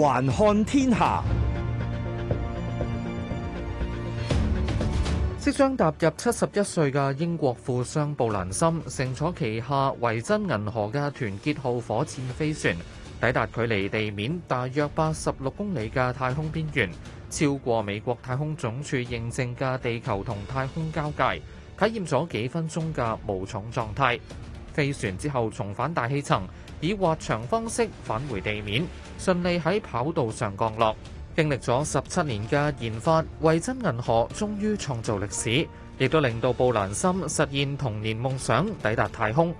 環看天下，即將踏入七十一歲嘅英國富商布蘭森，乘坐旗下維珍銀河嘅團結號火箭飛船，抵達距離地面大約八十六公里嘅太空邊緣，超過美國太空總署認證嘅地球同太空交界，體驗咗幾分鐘嘅無重狀態。飛船之後重返大氣層，以滑翔方式返回地面，順利喺跑道上降落。經歷咗十七年嘅研發，維珍銀河終於創造歷史，亦都令到布蘭森實現童年夢想，抵達太空。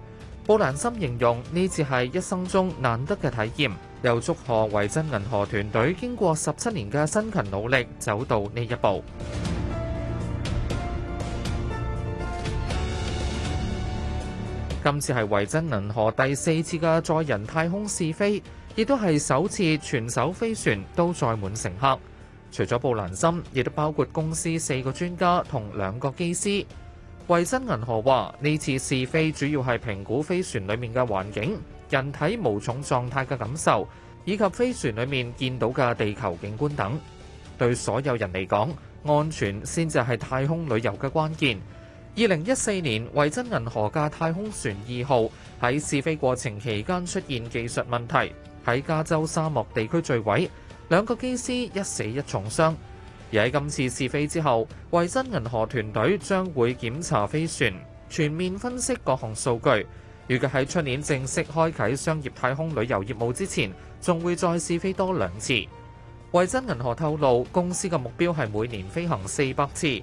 布蘭森形容呢次係一生中難得嘅體驗，又祝賀維珍銀河團隊經過十七年嘅辛勤努力，走到呢一步。今次係維珍銀河第四次嘅載人太空試飛，亦都係首次全艘飛船都載滿乘客。除咗布蘭森，亦都包括公司四個專家同兩個機師。維珍銀河話：呢次試飛主要係評估飛船裏面嘅環境、人體無重狀態嘅感受，以及飛船裏面見到嘅地球景觀等。對所有人嚟講，安全先至係太空旅遊嘅關鍵。二零一四年，維珍銀河架太空船二號喺試飛過程期間出現技術問題，喺加州沙漠地區墜毀，兩個機師一死一重傷。而喺今次試飛之後，維珍銀河團隊將會檢查飛船，全面分析各項數據。預計喺出年正式開啟商業太空旅遊業務之前，仲會再試飛多兩次。維珍銀河透露，公司嘅目標係每年飛行四百次。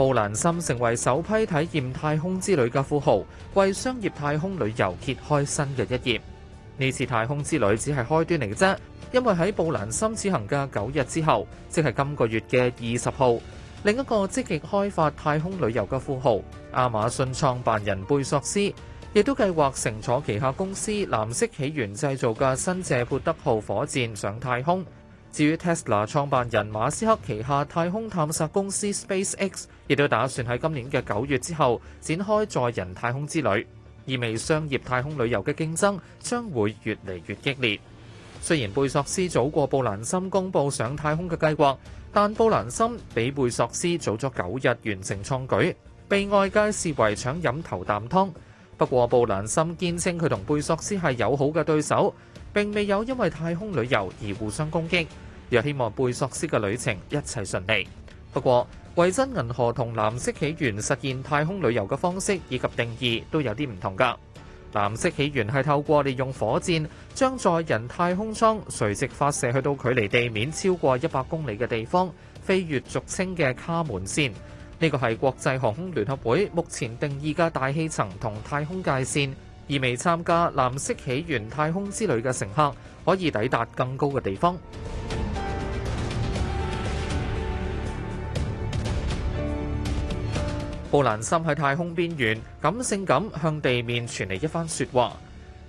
布蘭森成為首批體驗太空之旅嘅富豪，為商業太空旅遊揭開新嘅一頁。呢次太空之旅只係開端嚟啫，因為喺布蘭森此行嘅九日之後，即係今個月嘅二十號，另一個積極開發太空旅遊嘅富豪亞馬遜創辦人貝索斯，亦都計劃乘坐旗下公司藍色起源製造嘅新謝潑德號火箭上太空。至於 Tesla 創辦人馬斯克旗下太空探索公司 SpaceX，亦都打算喺今年嘅九月之後展開載人太空之旅，意味商業太空旅遊嘅競爭將會越嚟越激烈。雖然貝索斯早過布蘭森公佈上太空嘅計劃，但布蘭森比貝索斯早咗九日完成創舉，被外界視為搶飲頭啖湯。不過布蘭森堅稱佢同貝索斯係友好嘅對手。並未有因為太空旅遊而互相攻擊，又希望貝索斯嘅旅程一切順利。不過，維珍銀河同藍色起源實現太空旅遊嘅方式以及定義都有啲唔同噶。藍色起源係透過利用火箭將載人太空艙垂直發射去到距離地面超過一百公里嘅地方，飛越俗稱嘅卡門線。呢、這個係國際航空聯合會目前定義嘅大氣層同太空界線。而未參加藍色起源太空之旅嘅乘客，可以抵達更高嘅地方。布蘭森喺太空邊緣，感性咁向地面傳嚟一番說話。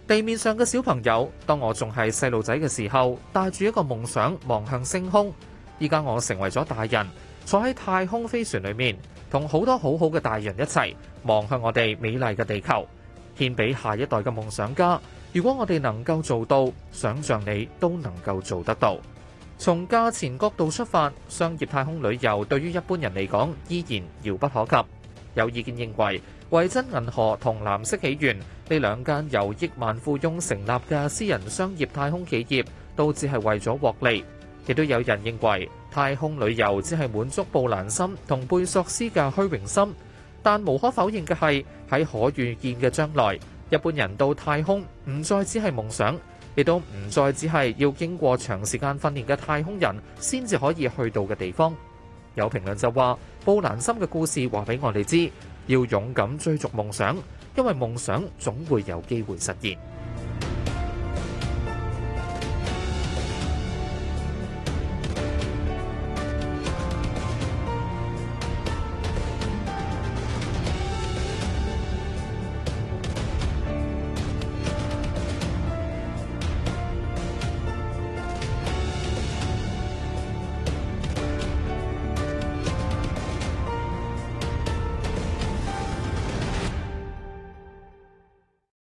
地面上嘅小朋友，當我仲係細路仔嘅時候，帶住一個夢想望向星空。依家我成為咗大人，坐喺太空飛船裏面，同好多好好嘅大人一齊望向我哋美麗嘅地球。獻俾下一代嘅夢想家。如果我哋能夠做到，想像你都能夠做得到。從價錢角度出發，商業太空旅遊對於一般人嚟講依然遙不可及。有意見認為，維珍銀河同藍色起源呢兩間由億萬富翁成立嘅私人商業太空企業，都只係為咗獲利。亦都有人認為，太空旅遊只係滿足布蘭森同貝索斯嘅虛榮心。但無可否認嘅係，喺可預見嘅將來，一般人到太空唔再只係夢想，亦都唔再只係要經過長時間訓練嘅太空人先至可以去到嘅地方。有評論就話，布蘭森嘅故事話俾我哋知，要勇敢追逐夢想，因為夢想總會有機會實現。